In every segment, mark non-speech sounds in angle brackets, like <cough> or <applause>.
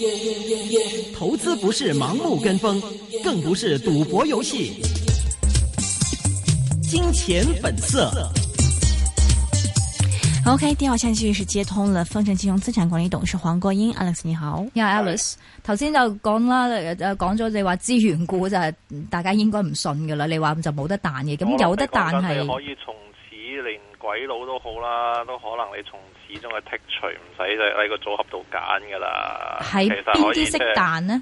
<noise> 投資不是盲目跟風，更不是賭博遊戲。 <noise> 金錢本色。OK，電話線繼續是接通了。豐盛金融資產管理董事黃國英，Alex，你好。你好，Alex。頭先就講啦，講咗你話資源股就係、嗯、大家應該唔信噶啦，你話就冇得彈嘅，咁有得彈係。你你可以從此連鬼佬都好啦，都可能你從。始終係剔除，唔使就喺個組合度揀噶啦。係邊啲識彈咧？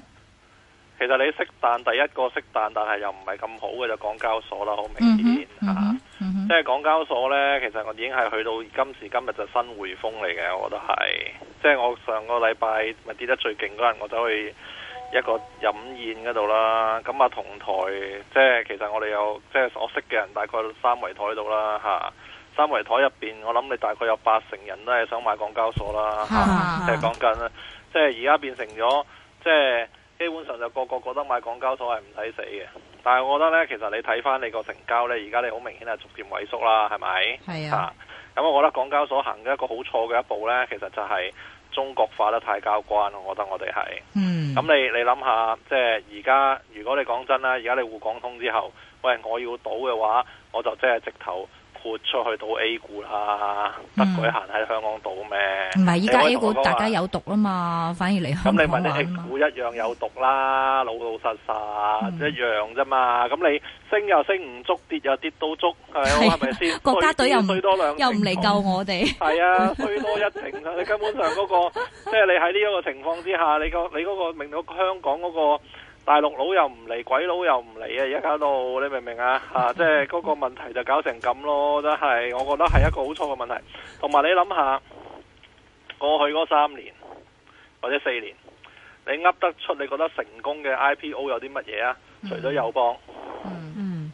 其實可以，其實你識彈第一個識彈，但係又唔係咁好嘅就港交所啦，好明顯吓。即係港交所呢，其實我已經係去到今時今日就新匯豐嚟嘅，我覺得係。即係我上個禮拜咪跌得最勁嗰日，我走去一個飲宴嗰度啦。咁啊同台，即係其實我哋有即係所識嘅人，大概三圍台度啦吓。啊三圍台入邊，我諗你大概有八成人都係想買港交所啦，即係講緊啦，即係而家變成咗，即係基本上就個個覺得買港交所係唔使死嘅。但係我覺得呢，其實你睇翻，你個成交呢，而家你好明顯係逐漸萎縮啦，係咪？係啊，咁啊，我覺得港交所行嘅一個好錯嘅一步呢，其實就係中國化得太交關。我覺得我哋係，嗯，咁你你諗下，即係而家如果你講真啦，而家你滬港通之後，喂，我要賭嘅話，我就即係直頭。豁出去到 A 股啦，嗯、得佢行喺香港倒咩？唔係依家 A 股大家有毒啊嘛，反而你。咁你問你 A 股一樣有毒啦，嗯、老老實實一、嗯、樣啫嘛。咁你升又升唔足，跌又跌到足，係咪先？係，係國家隊又唔又唔嚟救我哋。係啊，推多一程。 <laughs> 你根本上嗰、嗰個即係、即係、你喺呢一個情況之下，你、嗰個你嗰、嗰個明到香港嗰、嗰個。大陸佬又唔嚟，鬼佬又唔嚟，嗯、啊！而家到你明唔明啊？即係嗰個問題就搞成咁咯，真係，我覺得係一個好錯嘅問題。同埋你諗下，過去嗰三年或者四年，你噏得出你覺得成功嘅 IPO 有啲乜嘢啊？除咗友邦，嗯，嗯，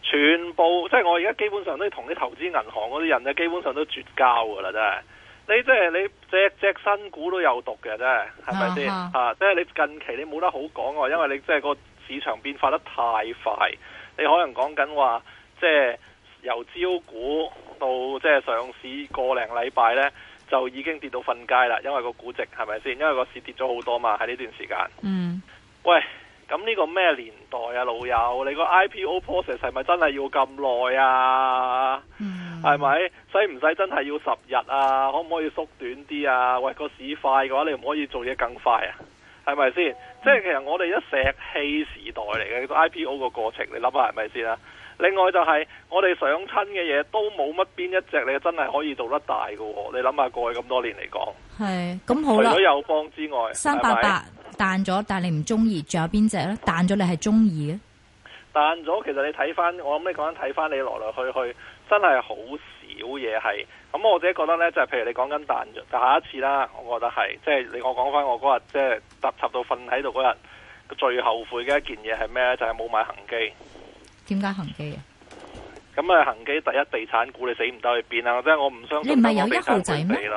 全部即係我而家基本上都同啲投資銀行嗰啲人咧，基本上都絕交噶啦，真係。你即係你隻隻新股都有毒嘅，啫，係咪先？啊，即係你近期你冇得好講嘅，因為你即係個市場變化得太快，你可能講緊話，即係由招股到即係上市個零禮拜呢，就已經跌到瞓街啦，因為個股值係咪先？因為個市跌咗好多嘛，喺呢段時間。嗯。喂，咁呢個咩年代啊，老友？你個 IPO process 係咪真係要咁耐啊？嗯係咪？使唔使真係要十日啊？可唔可以縮短啲啊？喂，個市快嘅話，你唔可以做嘢更快啊？係咪先？嗯、即係其實我哋一石器時代嚟嘅 IPO 個過程，你諗下係咪先啦？另外就係、是、我哋上親嘅嘢都冇乜邊一隻你真係可以做得大喎、啊。你諗下過去咁多年嚟講，係咁好啦。除咗友邦之外，三八八彈咗，是是但係你唔中意，仲有邊隻咧？彈咗你係中意嘅？彈咗，其實你睇翻我諗你講緊睇翻你來來去去。真係好少嘢係，咁我自己覺得呢，就係譬如你講緊彈咗，就下一次啦，我覺得係，即係你我講返我嗰日，即係插插到瞓喺度嗰日，最後悔嘅一件嘢係咩？就係、是、冇買恒基。點解恒基啊？咁啊，恒基第一地產股你死唔得去變啊！或者我唔相信。你唔係有一號仔咩？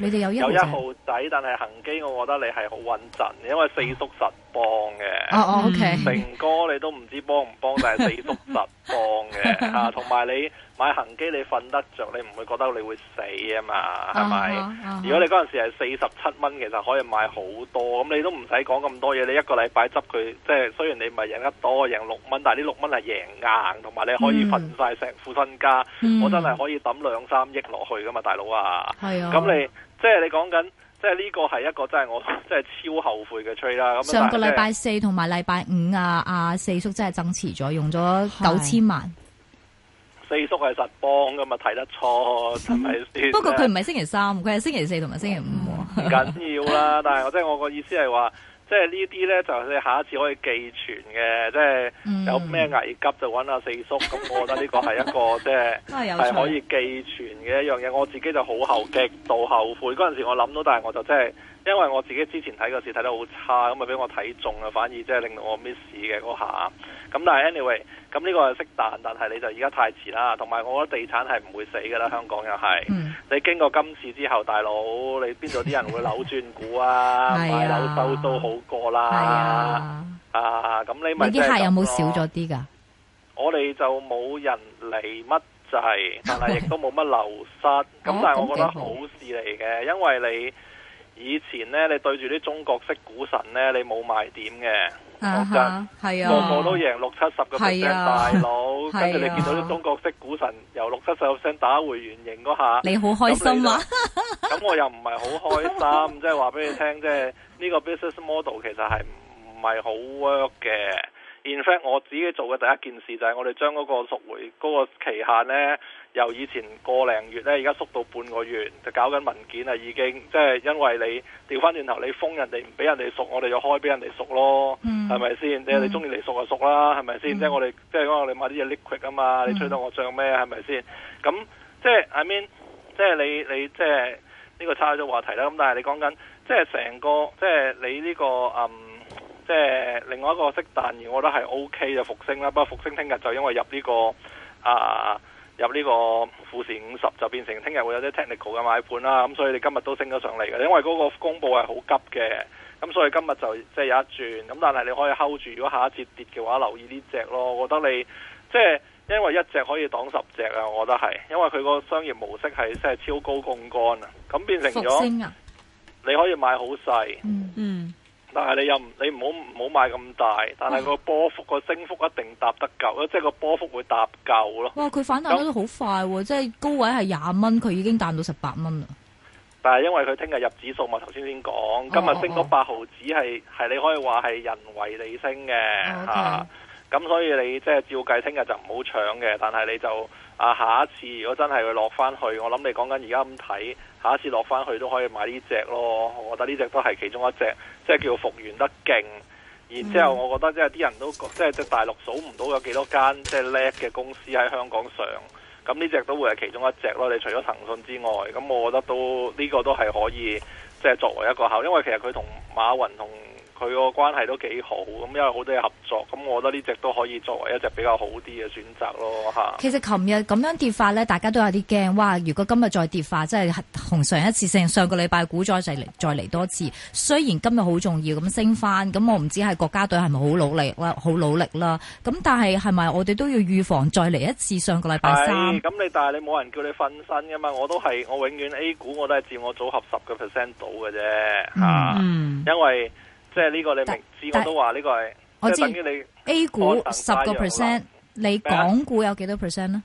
你哋有一號，一號仔，但係恒基，我覺得你係好穩陣，因為四叔神。啊幫嘅，oh, okay. 成哥你都唔知幫唔幫，但係四叔實幫嘅吓，同埋、 <laughs> 啊、你買恒基你瞓得着，你唔會覺得你會死啊嘛？係咪？如果你嗰陣時係四十七蚊，其實可以買好多，咁你都唔使講咁多嘢。你一個禮拜執佢，即係雖然你咪贏得多，贏六蚊，但係呢六蚊係贏硬，同埋你可以瞓晒成副身家，uh huh. 我真係可以抌兩三億落去噶嘛，大佬啊！咁、uh huh. 你即係你講緊。即係呢個係一個真係我真係超後悔嘅 trade 啦。咁上個禮拜四同埋禮拜五啊，阿四叔真係增持咗，用咗九千萬。是四叔係實幫噶嘛，睇得錯唔係。不過佢唔係星期三，佢係星期四同埋星期五。唔緊要啦， <laughs> 但係我即係我個意思係話。即係呢啲呢，就係、你下一次可以寄存嘅，即係有咩危急就揾阿四叔。咁、嗯、我覺得呢個係一個即係係可以寄存嘅一樣嘢。我自己就好後極到後悔嗰陣時，我諗到，但係我就真係。因為我自己之前睇個市睇得好差，咁咪俾我睇中啊，反而即係令到我 miss 嘅嗰下。咁但係 anyway，咁呢個係識彈，但係你就而家太遲啦。同埋我覺得地產係唔會死㗎啦，香港又係。嗯、你經過今次之後，大佬你邊度啲人會扭轉股啊？買樓收都好過啦。啊，咁、啊、你問啲、啊、客有冇少咗啲㗎？我哋就冇人嚟乜就係、是，但係亦都冇乜流失。咁、 <laughs> 啊、但係我覺得好事嚟嘅，因為你。以前咧，你對住啲中國式股神咧，你冇賣點嘅，個個都贏六七十個 percent，大佬，跟住你見到啲中國式股神由六七十個 percent 打回原形嗰下，你好開心啊！咁我又唔係好開心，即係話俾你聽，即係呢個 business model 其實係唔係好 work 嘅。In fact, 我自己做嘅第一件事就係我哋將嗰個贖回嗰、那個期限呢，由以前個零月呢，而家縮到半個月，就搞緊文件啦，已經即係、就是、因為你調翻轉頭，你封人哋唔俾人哋贖，我哋就開俾人哋贖咯，係咪先？即、mm. 你中意嚟贖就贖啦，係咪先？即係、mm. 我哋即係講我哋買啲嘢 liquid 啊嘛，mm. 你吹到我漲咩？係咪先？咁即係 I mean，即係你你即係呢個差咗話題啦。咁但係你講緊即係成個即係、就是、你呢、呢個嗯。即係另外一個色彈而我覺得係 O K 就復星啦。不過復星聽日就因為入呢、呢個啊入呢個富時五十就變成聽日會有啲 technical 嘅買盤啦。咁所以你今日都升咗上嚟嘅，因為嗰個公佈係好急嘅。咁所以今日就即係有一轉。咁但係你可以 hold 住，如果下一節跌嘅話，留意呢隻咯。我覺得你即係、即係、因為一隻可以擋十隻啊，我覺得係，因為佢個商業模式係即係超高槓桿啊。咁變成咗，你可以買好細、啊嗯。嗯。但係你又你唔好唔好買咁大，但係個波幅個、啊、升幅一定搭得夠咯，即、就、係、是、個波幅會搭夠咯。哇！佢反彈得都好快，嗯、即係高位係廿蚊，佢已經彈到十八蚊啦。但係因為佢聽日入指數嘛，頭先先講，今日升咗八毫子係係你可以話係人為你升嘅吓，咁、哦 okay 啊、所以你即係照計聽日就唔好搶嘅，但係你就。啊，下一次如果真係會落返去，我諗你講緊而家咁睇，下一次落返去都可以買呢隻咯。我覺得呢隻都係其中一隻，即係叫復原得勁。然之後，我覺得即係啲人都即係即係大陸數唔到有幾多間即係叻嘅公司喺香港上，咁呢隻都會係其中一隻咯。你除咗騰訊之外，咁我覺得都呢、呢個都係可以，即係作為一個考，因為其實佢同馬雲同。佢個關係都幾好，咁因為好多嘢合作，咁我覺得呢隻都可以作為一隻比較好啲嘅選擇咯嚇。其實琴日咁樣跌法咧，大家都有啲驚。哇！如果今日再跌法，即係同上一次性上個禮拜股災就嚟再嚟多次。雖然今日好重要，咁升翻，咁我唔知係國家隊係咪好努力啦，好努力啦。咁但係係咪我哋都要預防再嚟一次上個禮拜三。咁，但是你但係你冇人叫你瞓身噶嘛？我都係，我永遠 A 股我都係佔我組合十個 percent 到嘅啫嚇，嗯嗯因為。即係呢個你明知我都話呢個係，即係等於你 A 股十個 percent，你港股有幾多 percent 咧？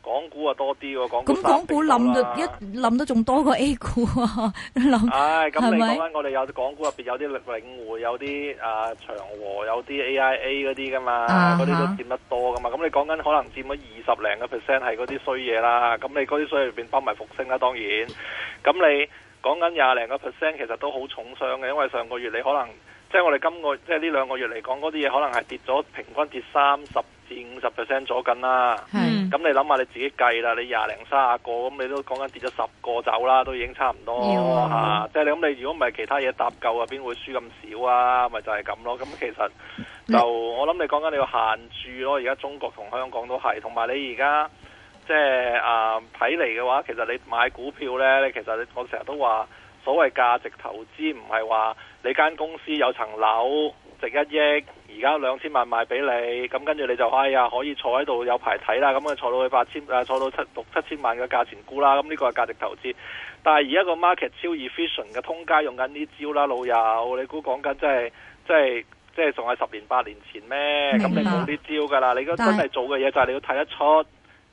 港股啊多啲喎，港股咁港股冧到一冧到仲多過 A 股啊！冧，係咪？咁你講緊我哋有啲港股入邊有啲領匯，有啲啊長和，有啲 AIA 嗰啲噶嘛，嗰啲都佔得多噶嘛。咁你講緊可能佔咗二十零個 percent 係嗰啲衰嘢啦。咁你嗰啲衰嘢入邊包埋復星啦，當然咁你。講緊廿零個 percent，其實都好重傷嘅，因為上個月你可能即係我哋今個即係呢兩個月嚟講，嗰啲嘢可能係跌咗平均跌三十至五十 percent 左近啦。咁、mm. 嗯、你諗下你自己計啦，你廿零卅個咁，你都講緊跌咗十個走啦，都已經差唔多嚇 Yeah.、啊。即係你諗，你如果唔係其他嘢搭救啊，邊會輸咁少啊？咪就係咁咯。咁其實就我諗你講緊你要限住咯。而家中國同香港都係，同埋你而家。即係、就是、啊，睇嚟嘅話，其實你買股票呢，你其實我成日都話，所謂價值投資唔係話你間公司有層樓值一億，而家兩千萬賣俾你，咁跟住你就哎呀可以坐喺度有排睇啦，咁啊坐到去八千啊，坐到七六七千萬嘅價錢沽啦，咁呢個係價值投資。但係而家個 market 超 efficient 嘅，通街用緊呢招啦，老友，你估講緊即係即係即係仲係十年八年前咩？咁白你冇啲招噶啦，但你都真係做嘅嘢就係你要睇得出。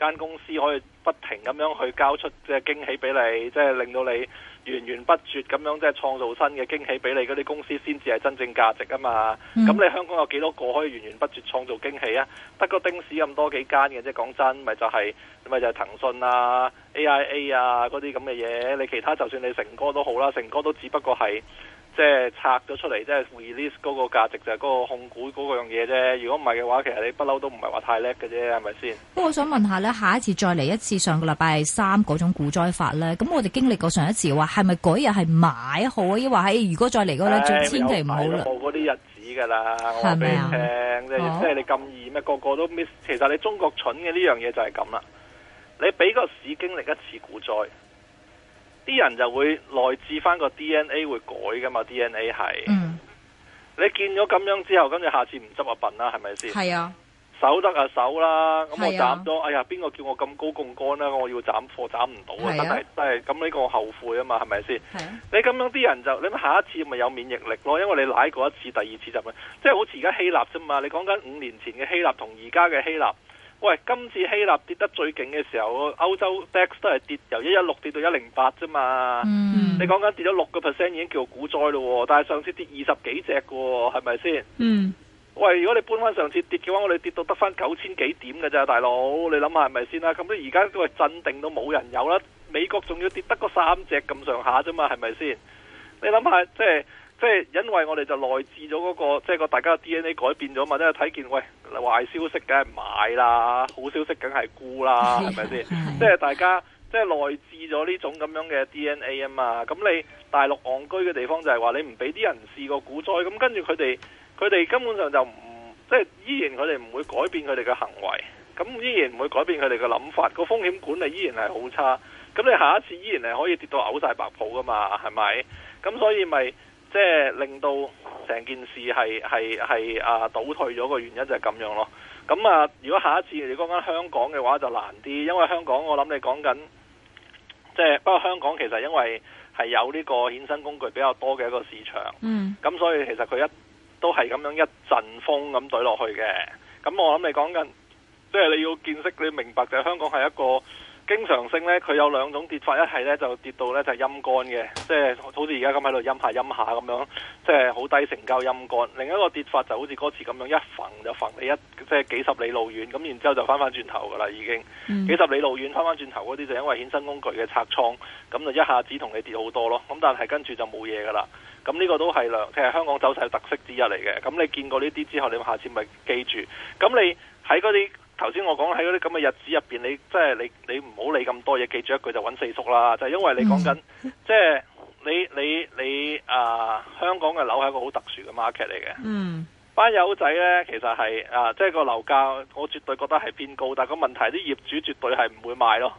間公司可以不停咁樣去交出即係驚喜俾你，即係令到你源源不絕咁樣即係創造新嘅驚喜俾你嗰啲公司先至係真正價值啊嘛！咁、嗯、你香港有幾多個可以源源不絕創造驚喜啊？得個丁氏咁多幾間嘅啫，講真，咪就係咪就係騰訊啊、AIA 啊嗰啲咁嘅嘢，你其他就算你成哥都好啦，成哥都只不過係。即係拆咗出嚟，即係 release 嗰個價值就係嗰個控股嗰個樣嘢啫。如果唔係嘅話，其實你不嬲都唔係話太叻嘅啫，係咪先？不過我想問下咧，下一次再嚟一次上個禮拜三嗰種股災法咧，咁我哋經歷過上一次話係咪嗰日係買好啊？亦話係如果再嚟嗰咧，做千祈唔好冇嗰啲日子噶啦，我話俾你聽，嗎即係即你咁易咩？個個都 miss。其實你中國蠢嘅呢樣嘢就係咁啦。你俾個市經歷一次股災。啲人就會內置翻個 DNA 會改噶嘛，DNA 係，嗯、你見咗咁樣之後，跟住下次唔執啊笨啦，係咪先？係啊，守得就啊守啦，咁我斬咗，哎呀，邊個叫我咁高槓桿啦我要斬貨斬唔到啊，真係真係，咁呢個我後悔啊嘛，係咪先？啊、你咁樣啲人就，你咁下一次咪有免疫力咯，因為你奶過一次，第二次就，即係好似而家希臘啫嘛，你講緊五年前嘅希臘同而家嘅希臘。喂，今次希臘跌得最勁嘅時候，歐洲 DAX 都係跌，由一一六跌到一零八啫嘛。Mm. 你講緊跌咗六個 percent 已經叫做股災咯喎、哦，但係上次跌二十幾隻㗎喎、哦，係咪先？嗯，mm. 喂，如果你搬翻上次跌嘅話，我哋跌到得翻九千幾點㗎咋大佬，你諗下係咪先啦？咁都而家都係鎮定到冇人有啦，美國仲要跌得個三隻咁上下啫嘛，係咪先？你諗下，即係。即係因為我哋就內置咗嗰個即係個大家嘅 DNA 改變咗嘛，即係睇見，喂，壞消息梗係買啦，好消息梗係沽啦，係咪先？即係 <laughs> 大家即係內置咗呢種咁樣嘅 DNA 啊嘛。咁你大陸戇居嘅地方就係話你唔俾啲人試過股災，咁跟住佢哋佢哋根本上就唔即係依然佢哋唔會改變佢哋嘅行為，咁依然唔會改變佢哋嘅諗法，個風險管理依然係好差。咁你下一次依然係可以跌到嘔晒白泡噶嘛？係咪？咁所以咪。即係令到成件事係係係啊倒退咗個原因就係咁樣咯。咁啊，如果下一次你講緊香港嘅話就難啲，因為香港我諗你講緊，即係不過香港其實因為係有呢個衍生工具比較多嘅一個市場。嗯。咁所以其實佢一都係咁樣一陣風咁懟落去嘅。咁我諗你講緊，即係你要見識，你要明白就係香港係一個。經常性呢，佢有兩種跌法，一係呢，就跌到呢，就是、陰乾嘅，即、就、係、是、好似而家咁喺度陰下陰下咁樣，即係好低成交陰乾。另一個跌法就好似歌詞咁樣，一揈就揈你一即係、就是、幾十里路遠，咁然之後就翻返轉頭噶啦，已經、嗯、幾十里路遠翻返轉頭嗰啲就因為衍生工具嘅拆倉，咁就一下子同你跌好多咯。咁但係跟住就冇嘢噶啦。咁呢個都係咧，佢、就、係、是、香港走勢特色之一嚟嘅。咁你見過呢啲之後，你下次咪記住。咁你喺嗰啲。頭先我講喺嗰啲咁嘅日子入邊，你即係你你唔好理咁多嘢，記住一句就揾四叔啦。就係、因為你講緊，mm. 即係你你你啊、呃，香港嘅樓係一個好特殊嘅 market 嚟嘅。嗯，mm. 班友仔呢，其實係啊、呃，即係個樓價，我絕對覺得係偏高，但係個問題啲業主絕對係唔會賣咯。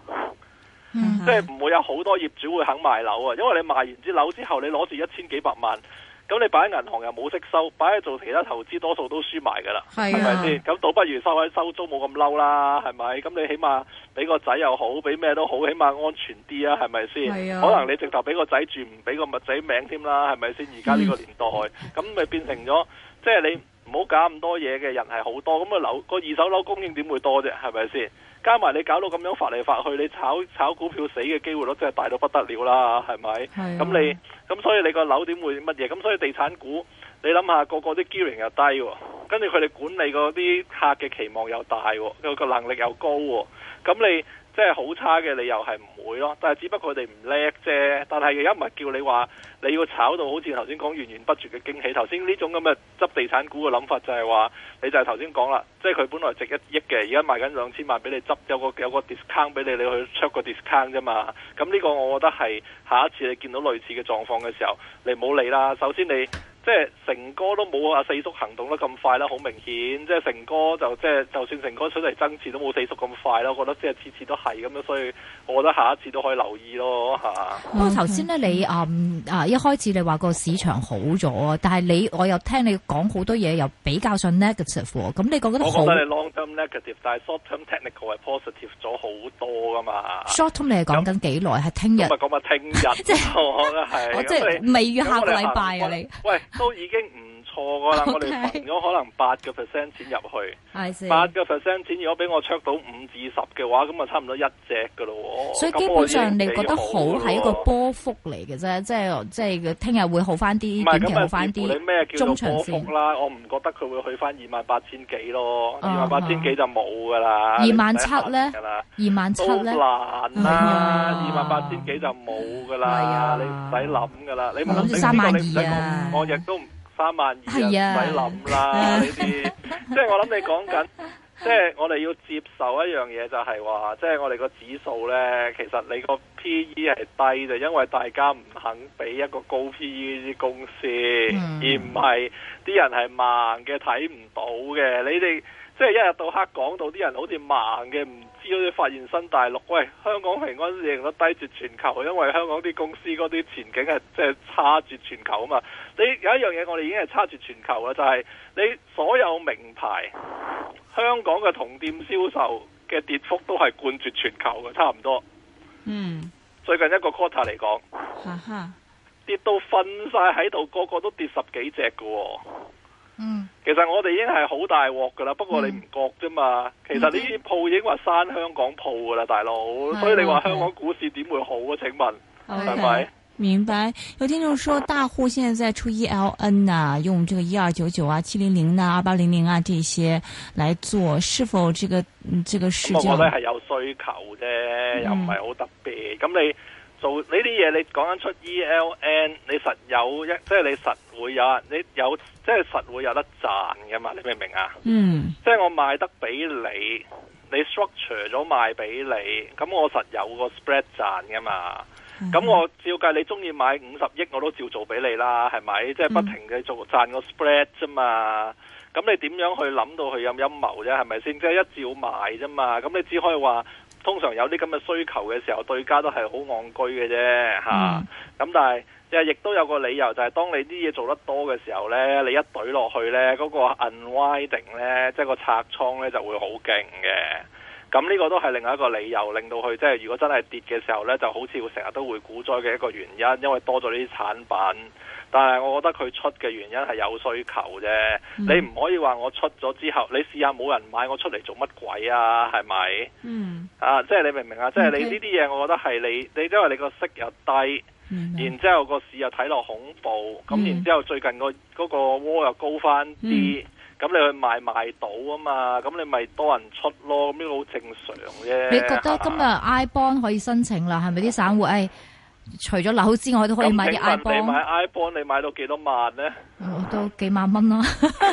Mm. 即係唔會有好多業主會肯賣樓啊，因為你賣完支樓之後，你攞住一千幾百萬。咁你擺喺銀行又冇息收，擺喺做其他投資多數都輸埋噶啦，係咪先？咁倒不如收喺收租冇咁嬲啦，係咪？咁你起碼俾個仔又好，俾咩都好，起碼安全啲啊，係咪先？可能你直頭俾個仔住，唔俾個仔名添啦，係咪先？而家呢個年代，咁咪、嗯、變成咗，即係你唔好搞咁多嘢嘅人係好多，咁啊樓個二手樓供應點會多啫？係咪先？加埋你搞到咁樣發嚟發去，你炒炒股票死嘅機會率真係大到不得了啦，係咪？咁、啊、你咁所以你個樓點會乜嘢？咁所以地產股你諗下，個個啲 gearing 又低，跟住佢哋管理嗰啲客嘅期望又大，個個能力又高，咁你。即係好差嘅，你又係唔會咯。但係只不過佢哋唔叻啫。但係而家唔係叫你話你要炒到好似頭先講源源不絕嘅驚喜。頭先呢種咁嘅執地產股嘅諗法就係話，你就係頭先講啦，即係佢本來值一億嘅，而家賣緊兩千萬俾你執，有個有個 discount 俾你，你去出個 discount 啫嘛。咁呢個我覺得係下一次你見到類似嘅狀況嘅時候，你冇理啦。首先你。即係成哥都冇啊，四叔行動得咁快啦，好明顯。即係成哥就即係，就算成哥出嚟增持都冇四叔咁快啦。我覺得即係次次都係咁樣，所以我覺得下一次都可以留意咯。嚇、嗯，不過頭先咧，呢嗯、你、um, uh, 一開始你話個市場好咗，但係你我又聽你講好多嘢又比較上 negative 喎。咁你覺得我覺得你 long term negative，但係 short term technical 係 positive 咗好多噶嘛？short term 你係講緊幾耐？係聽日。講埋聽日。即係我覺得係。我即係未於下個禮拜啊！你。喂。都已經唔。錯噶啦！我哋投咗可能八個 percent 錢入去，八個 percent 錢如果俾我 check 到五至十嘅話，咁啊差唔多一隻噶咯。所以基本上你覺得好係一個波幅嚟嘅啫，即係即係聽日會好翻啲，短期好翻啲。你咩叫波幅啦？我唔覺得佢會去翻二萬八千幾咯，二萬八千幾就冇噶啦。二萬七咧？二萬七咧？好難啊！二萬八千幾就冇噶啦，你唔使諗噶啦。你唔諗住三萬二啊？我亦都唔。三萬二啊！唔使諗啦，呢啲，即係我諗你講緊，即係我哋要接受一樣嘢，就係話，即係我哋個指數呢，其實你個 P E 係低，就因為大家唔肯俾一個高 P E 嘅公司，mm. 而唔係啲人係盲嘅睇唔到嘅。你哋即係一日到黑講到啲人好似盲嘅唔。只要發現新大陸，喂，香港平安贏咗低絕全球，因為香港啲公司嗰啲前景係即係差絕全球啊嘛。你有一樣嘢我哋已經係差絕全球嘅，就係、是、你所有名牌香港嘅同店銷售嘅跌幅都係冠絕全球嘅，差唔多。嗯，最近一個 quarter 嚟講，跌到瞓晒喺度，個個都跌十幾隻嘅喎、哦。嗯，其實我哋已經係好大鑊噶啦，不過你唔覺啫嘛。嗯、其實呢啲鋪已經話閂香港鋪噶啦，大佬。啊、所以你話香港股市點會好啊？請問係咪？啊、okay, 吧明白有聽眾說大戶現在出 E L N 啊，啊用這個一二九九啊、七零零啊、二八零零啊這些來做，是否這個這個市？咁、嗯、我係有需求啫，又唔係好特別。咁、嗯、你做呢啲嘢，你講緊出 E L N，你實有一，即係你實。會有你有即係實會有得賺㗎嘛？你明唔明啊？嗯，mm. 即係我賣得俾你，你 structure 咗賣俾你，咁我實有個 spread 賺㗎嘛。咁、mm hmm. 我照計，你中意買五十億，我都照做俾你啦，係咪？即係不停嘅做賺個 spread 啫嘛。咁、mm. 你點樣去諗到佢有陰謀啫？係咪先？即係一照買啫嘛。咁你只可以話。通常有啲咁嘅需求嘅時候，對家都係好戇居嘅啫吓。咁、嗯啊、但係即係亦都有個理由，就係、是、當你啲嘢做得多嘅時候呢，你一懟落去呢嗰、那個 unwinding 呢，即、就、係、是、個拆倉呢就會好勁嘅。咁呢個都係另外一個理由，令到佢即係如果真係跌嘅時候呢，就好似會成日都會股災嘅一個原因，因為多咗呢啲產品。但係，我覺得佢出嘅原因係有需求啫。嗯、你唔可以話我出咗之後，你試下冇人買我出嚟做乜鬼啊？係咪？嗯、啊，即係你明唔明啊？嗯、即係你呢啲嘢，我覺得係你，你因為你個息又低，嗯、然之後個市又睇落恐怖，咁、嗯、然之後最近個嗰個窩又高翻啲，咁、嗯、你去賣賣到啊嘛，咁你咪多人出咯，咁、這個好正常啫。你覺得今日 I bond 可以申請啦？係咪啲散戶？嗯哎除咗樓之外，都可以買 iPhone。請問你買 iPhone 你買到幾多萬咧？我都幾萬蚊咯，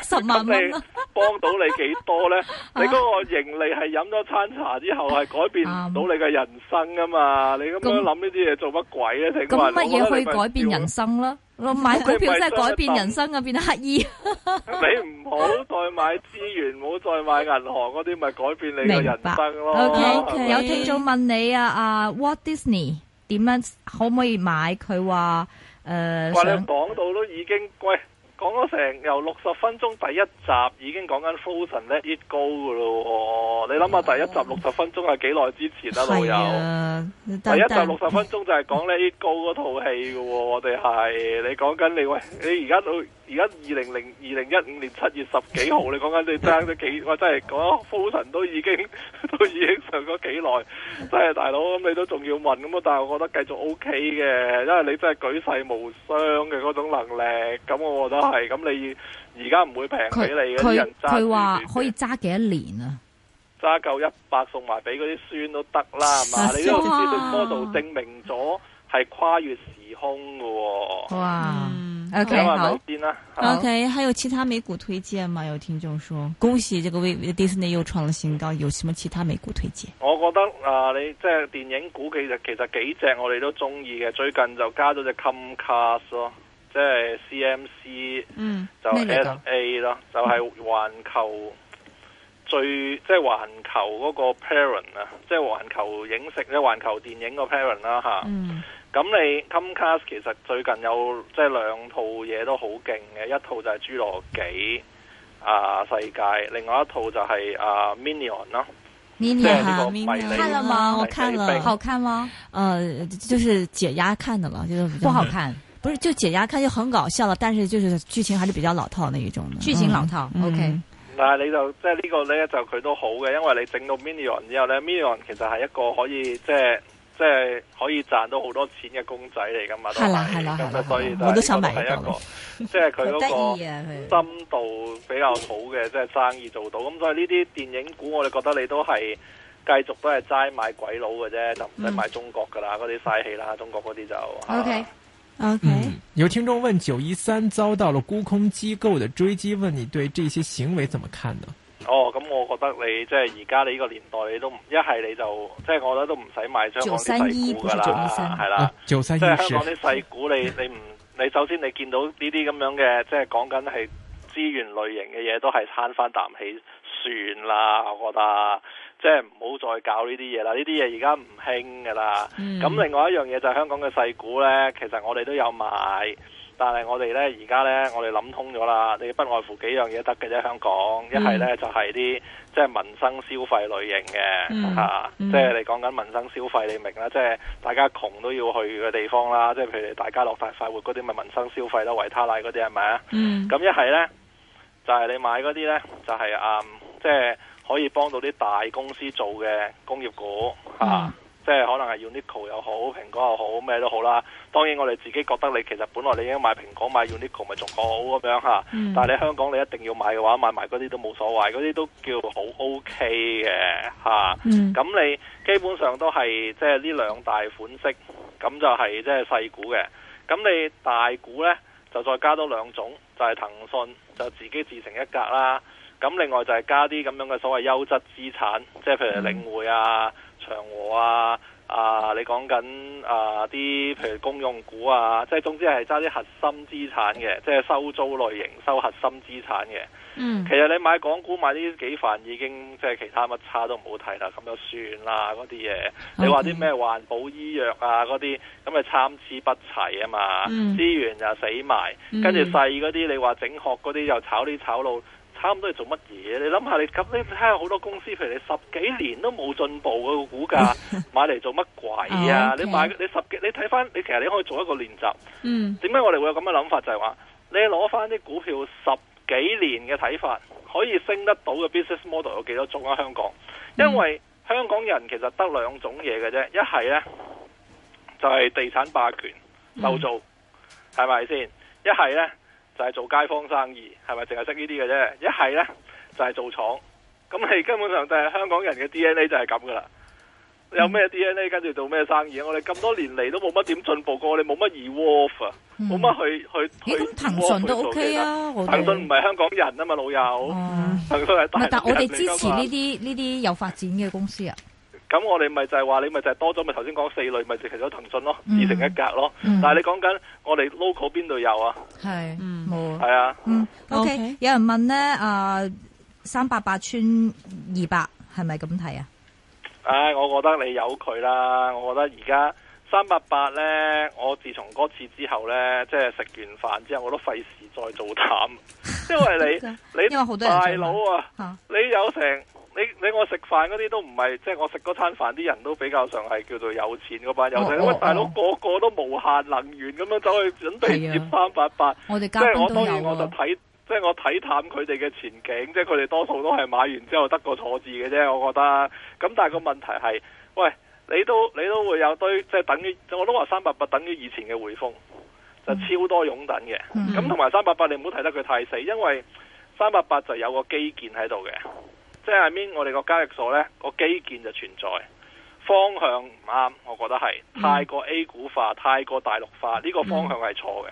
十萬蚊咯。幫到你幾多咧？你嗰個盈利係飲咗餐茶之後係改變唔到你嘅人生啊嘛？你咁樣諗呢啲嘢，做乜鬼咧？請問，咁乜嘢可以改變人生咯？買股票真係改變人生啊，變得乞衣。你唔好再買資源，唔好再買銀行嗰啲，咪改變你嘅人生咯。有聽眾問你啊，啊 What Disney？點樣可唔可以買？佢話誒，呃、你講到都已經喂，講咗成由六十分鐘第一集已經講緊 Frozen Let It Go 噶咯。你諗下第一集六十分鐘係幾耐之前啊？啊老友，啊、等等第一集六十分鐘就係講 Let It Go 嗰套戲噶。戲的 <laughs> 我哋係你講緊你喂，你而家都。而家二零零二零一五年七月十幾號，你講緊你爭咗幾？我 <laughs> 真係講 p h 都已經都已經上咗幾耐，真係大佬咁、嗯、你都仲要問咁啊？但係我覺得繼續 O K 嘅，因為你真係舉世無雙嘅嗰種能力，咁、嗯、我覺得係。咁、嗯、你而家唔會平俾你嘅人揸。佢，佢話可以揸幾多年啊？揸夠一百送埋俾嗰啲孫都得啦，係嘛？你啲資料 model 證明咗係跨越時空嘅喎。啊嗯 O K，好。O Okay, K，okay,、啊、還有其他美股推薦嗎？有聽眾說，恭喜這個 Disney 又創了新高，有什麼其他美股推薦？我覺得啊、呃，你即係電影股其實其實幾正我哋都中意嘅，最近就加咗隻 Comcast 咯，即係 C M C，嗯， 就 S A 咯，那個、就係環球最即係環球嗰個 Parent 啊，即係環球影城即環球電影個 Parent 啦吓。嗯咁你 Comcast 其實最近有即係兩套嘢都好勁嘅，一套就係侏羅紀啊世界，另外一套就係啊 Minion 啦。呃、Minion 呢個，Minion，我看了嗎？我看了，好看嗎？誒、呃，就是解壓看的啦，就是、不好看，嗯、不是就解壓看就很搞笑啦，但是就是劇情還是比較老套那一種，劇情老套。O K。但係你就即係呢個咧就佢都好嘅，因為你整到 Minion 之後咧，Minion 其實係一個可以即係。就是即係可以賺到好多錢嘅公仔嚟噶嘛，係啦，係啦，咁 <noise> 所以都想買一個。一個 <noise> 即係佢嗰個深度比較好嘅、 <laughs> 啊，即係生意做到。咁所以呢啲電影股，我哋覺得你都係繼續都係齋買鬼佬嘅啫，就唔使買中國噶啦，嗰啲嘥氣啦，中國嗰啲就。O K O K。有聽眾問九一三遭到了沽空機構嘅追擊，問你對這些行為怎麼看呢？哦，咁我覺得你即係而家你呢個年代你都唔一係你就即係我覺得都唔使買香港啲細股㗎啦，係啦，做做生，即係香港啲細股，你你唔你首先你見到呢啲咁樣嘅，即係講緊係資源類型嘅嘢，都係慳翻啖氣算啦。我覺得即係唔好再搞呢啲嘢啦，呢啲嘢而家唔興㗎啦。咁、嗯、另外一樣嘢就係香港嘅細股咧，其實我哋都有買。但係我哋呢，而家呢，我哋諗通咗啦。你不外乎幾樣嘢得嘅啫，香港一係呢，嗯、就係啲即係民生消費類型嘅吓，即係你講緊民生消費，你明啦，即係大家窮都要去嘅地方啦，即係譬如大家樂大快活嗰啲咪民生消費啦，維他奶嗰啲係咪啊？咁一係呢，就係你買嗰啲呢，就係即係可以幫到啲大公司做嘅工業股、嗯啊即係可能係 Uniqlo 又好，蘋果又好，咩都好啦。當然我哋自己覺得你其實本來你已經買蘋果買 Uniqlo 咪仲好咁樣吓。嗯、但係你香港你一定要買嘅話，買埋嗰啲都冇所謂，嗰啲都叫好 OK 嘅吓。咁、啊嗯、你基本上都係即係呢兩大款式，咁就係即係細股嘅。咁你大股呢，就再加多兩種，就係騰訊就自己自成一格啦。咁另外就係加啲咁樣嘅所謂優質資產，即、就、係、是、譬如領匯啊。嗯長和啊啊，你講緊啊啲，譬如公用股啊，即係總之係揸啲核心資產嘅，即係收租類型、收核心資產嘅。嗯。其實你買港股買呢幾份已經，即係其他乜差都唔好睇啦，咁就算啦，嗰啲嘢。你話啲咩環保醫藥啊嗰啲，咁咪參差不齊啊嘛，資、嗯、源就死埋，跟住細嗰啲你話整殼嗰啲又炒啲炒路。差唔多係做乜嘢？你諗下，你咁你睇下好多公司，譬如，你十幾年都冇進步嘅股價，買嚟做乜鬼啊？ <laughs> 你買你十幾，你睇翻，你其實你可以做一個練習。嗯。點解我哋會有咁嘅諗法？就係話你攞翻啲股票十幾年嘅睇法，可以升得到嘅 business model 有幾多種啊？香港，因為香港人其實得兩種嘢嘅啫，一係呢，就係地產霸權收租，係咪先？一係呢。就係做街坊生意，係咪淨係識呢啲嘅啫？一係咧就係、是、做廠，咁你根本上就係香港人嘅 DNA 就係咁噶啦。有咩 DNA 跟住做咩生意啊？我哋咁多年嚟都冇乜點進步過，我哋冇乜 evolve 啊，冇乜去去咁騰訊都 OK 啊？騰訊唔係香港人啊嘛，老友。騰訊係大，但我哋支持呢啲呢啲有發展嘅公司啊。咁我哋咪就係話你咪就係多咗，咪頭先講四類，咪就其中騰訊咯，自成一格咯。但係你講緊我哋 local 邊度有啊？係，冇，係啊。嗯，OK，有人問咧，啊，三八八穿二百係咪咁睇啊？唉，我覺得你有佢啦。我覺得而家三八八咧，我自從嗰次之後咧，即係食完飯之後，我都費事再做淡，因為你你好多大佬啊，你有成。你你我食飯嗰啲都唔係，即係我食嗰餐飯啲人都比較上係叫做有錢嗰班友仔，哦、因為大佬、哦哦、個個都無限能源咁樣走去準備接三八八，即係我當然我就睇，即係我睇淡佢哋嘅前景，即係佢哋多數都係買完之後得個錯字嘅啫，我覺得。咁但係個問題係，喂，你都你都會有堆，即係等於我都話三八八等於以前嘅匯豐，嗯、就超多擁躉嘅。咁同埋三八八你唔好睇得佢太死，因為三八八就有個基建喺度嘅。即係 mean 我哋個交易所咧個基建就存在方向唔啱，我覺得係太過 A 股化、太過大陸化呢、這個方向係錯嘅。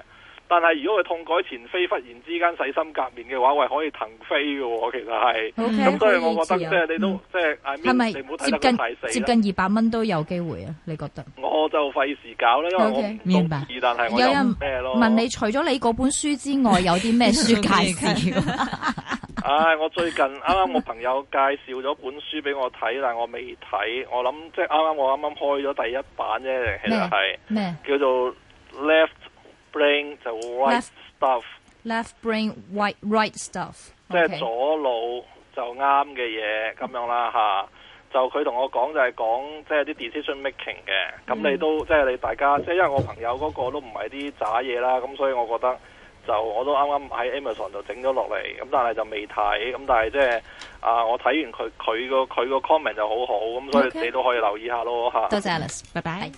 但係如果佢痛改前非，忽然之間洗心革面嘅話，我係可以騰飛嘅。其實係，咁 Okay,、嗯、所以我覺得 okay. 即係你都、嗯、即係係咪接近接近二百蚊都有機會啊？你覺得？我就費事搞啦，因為我 okay, 明白。但我咯有人問你，除咗你嗰本書之外，有啲咩書介紹？ <laughs> <laughs> 唉、 <laughs> 啊，我最近啱啱我朋友介紹咗本書俾我睇，但係我未睇。我諗即係啱啱我啱啱開咗第一版啫，其實係咩麼叫做 left brain 就 right Left stuff，left brain white right, right stuff，okay. 即係左腦就啱嘅嘢咁樣啦吓、啊，就佢同我講就係講即係啲 decision making 嘅，咁你都、嗯、即係你大家即係因為我朋友嗰個都唔係啲渣嘢啦，咁所以我覺得。就我都啱啱喺 Amazon 度整咗落嚟，咁但係就未睇，咁但係即係啊，我睇完佢佢個佢個 comment 就好好，咁所以你都可以留意下咯吓。多謝 Okay. 下 Alice，拜拜。